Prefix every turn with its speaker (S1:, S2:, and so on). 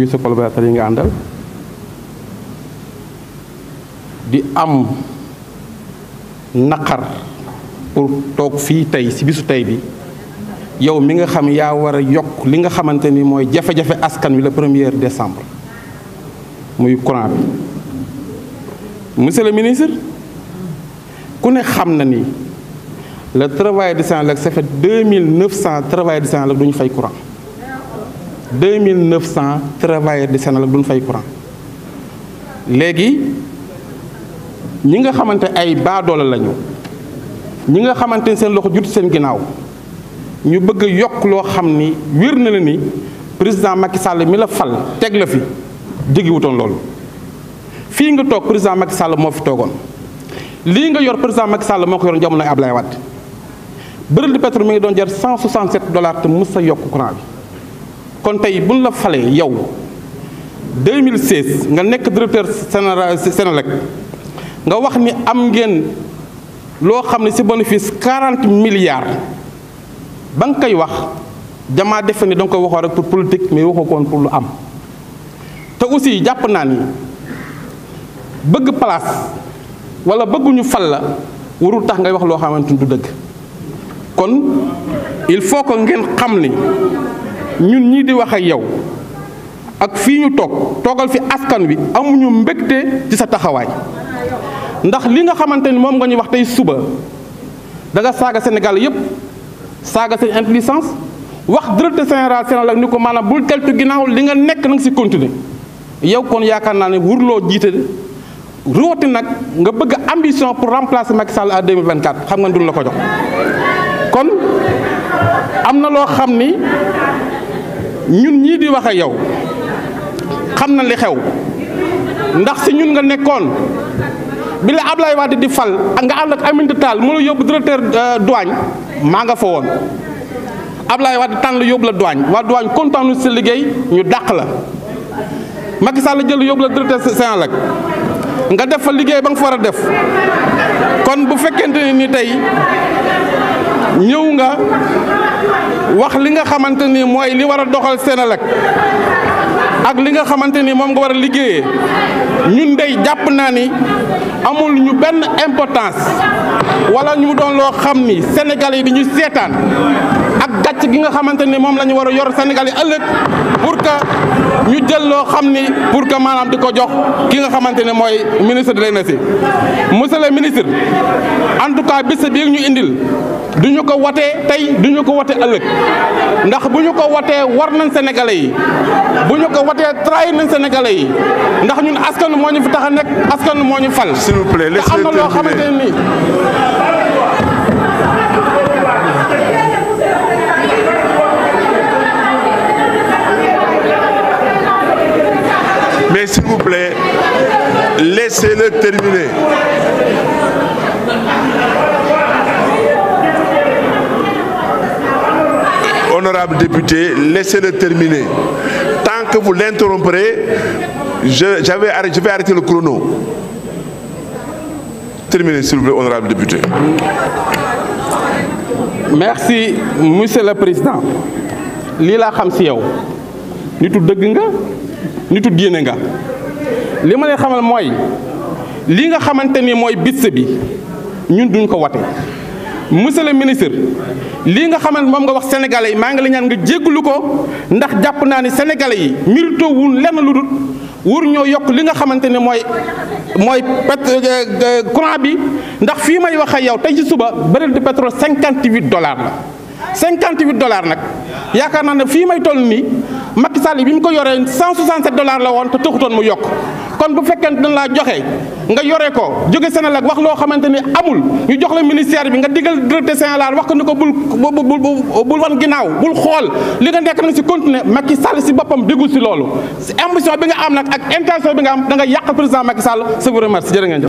S1: yu sa collaborateur yi nga àndal di am naqar pour toog fii tey ci bisu tey bi yow mi nga xam yaa war a yokk li nga xamante ni mooy jafe-jafe askan wi la premier décembre muy courant bi monsieur le ministre ku ne xam na ni le travail de Senelec ça fait deux mille neuf cent travail de Senelec du ñu fay courant deux mille neuf cent travailleurs di Senelec duñ fay courant léegi ñi nga xamante ay baadoole lañu ñi nga xamante ni seen loxo jut seen ginnaaw ñu bëgg a yokk loo xam ni wér na la ni président Macky Sall mi la fal teg la fi jéggiwutoon loolu fii nga toog président Macky Sall moo fi toogoon lii nga yor président Macky Sall moo ko yoroon jamonoy Ablaye Wade baril di pétrole mi ngi doon jar 167 dollars te mës sa yokk courant bi. kon tey buñ la falee yow 2016 nga nekk directeur général Senelec nga wax ni am ngeen loo xam ne ci bénéfice 40 milliards ba nga koy wax jamaa defe ni danga nga koy waxoo rek pour politique mais waxoo ko woon pour lu am te aussi jàpp naa ni bëgg place walla bëgguñu fal la warul tax ngay wax loo xamante ni du dëgg kon il faut que ngeen xam ni ñun ñii di wax ak yow ak fii ñu toog toogal fi askan wi amuñu mbégte ci sa taxawaay ndax li nga xamante ni moom nga ñu wax tey suba danga nga saaga Sénégal yépp saaga seen intelligence wax directeur général Sénégal ak ni ko maanaam bul teltu ginnaaw li nga nekk na nga si continuer yow kon yaakaar naa ne wurloo jiite rooti nag nga bëgg ambition pour remplacer Macky Sall à 2024 xam nga duñ la ko jox kon am na loo xam ni ñun ñii di wax ak yow xam na li xew ndax si ñun nga nekkoon bi la Ablaye Wade di fal ak nga ànd ak Aminata Tall mu la yóbbu directeur euh, douane maa nga fa woon Ablaye Wade tànn la yóbbu la douane waa douane kontaanu si liggéey ñu dàq la Macky Sall la jël yóbbu la directeur Senelec nga def fa liggéey ba nga fa war a def kon bu fekkente ni tey ñëw nga wax li nga xamante ni mooy li war a doxal seen Senelec ak li nga xamante ni moom nga war a liggéeyee ñun dey jàpp naa ni amul ñu benn importance wala ñu doon loo xam ni Sénégal yi di ñu seetaan ak gàcc gi nga xamante ni moom la ñu war a yor Sénégal yi ëllëg pour que ñu jël loo xam ni pour que maanaam di ko jox ki nga xamante ne mooy ministre de l'énergie monsieur le ministre en tout cas bis bi ñu indil du ñu ko watee tey du ñu ko watee ëllëg ndax bu ñu ko watee war nañ Sénégalais yi voter trahi nañ Sénégalais yi ndax ñun aska moo ñu taxa tax a nekk askan moo ñu fal. s'il vous plaît te am na loo xamante ne nii. mais s'il vous plaît laissez-le terminer. Honorable député, laissez-le terminer. que vous l'interromprez, je, je vais arrêter le chrono. Terminez, s'il vous plaît, honorable député. merci monsieur le président lii laa xam si yow nitu dëgg nga nitu diine nga li ma lay xamal mooy li nga xamante ni mooy bis bi ñun duñ ko wate monsieur le ministre lii nga xamante moom nga wax sénégalais yi maa ngi la ñaan nga jégglu ko ndax jàpp naa ne sénégalais yi mérito wun lenn lu dul wur ñoo yokk li nga xamante ne mooy mooy pét euh, euh, courant bi ndax fii may wax ak yow tey ci suba baril de cinquante 58 dollars la cinquante 58 dollars nag yaakaar naa ne fii may toll nii Macky Sall bi mu ko yoree 167 dollars la woon te taxutoon mu yokk kon bu fekkente ne laa joxe nga yore ko jóge la wax loo xamante ni amul ñu jox la ministère bi nga digal directeur Sénégal wax ko ni ko bul bul bul wan ginnaaw bul xool li nga nekk nag si continuer Macky Sall si boppam déglu si loolu. si ambition bi nga am nag ak intention bi nga am da nga yàq président Macky Sall je vous remercie jërë ngeen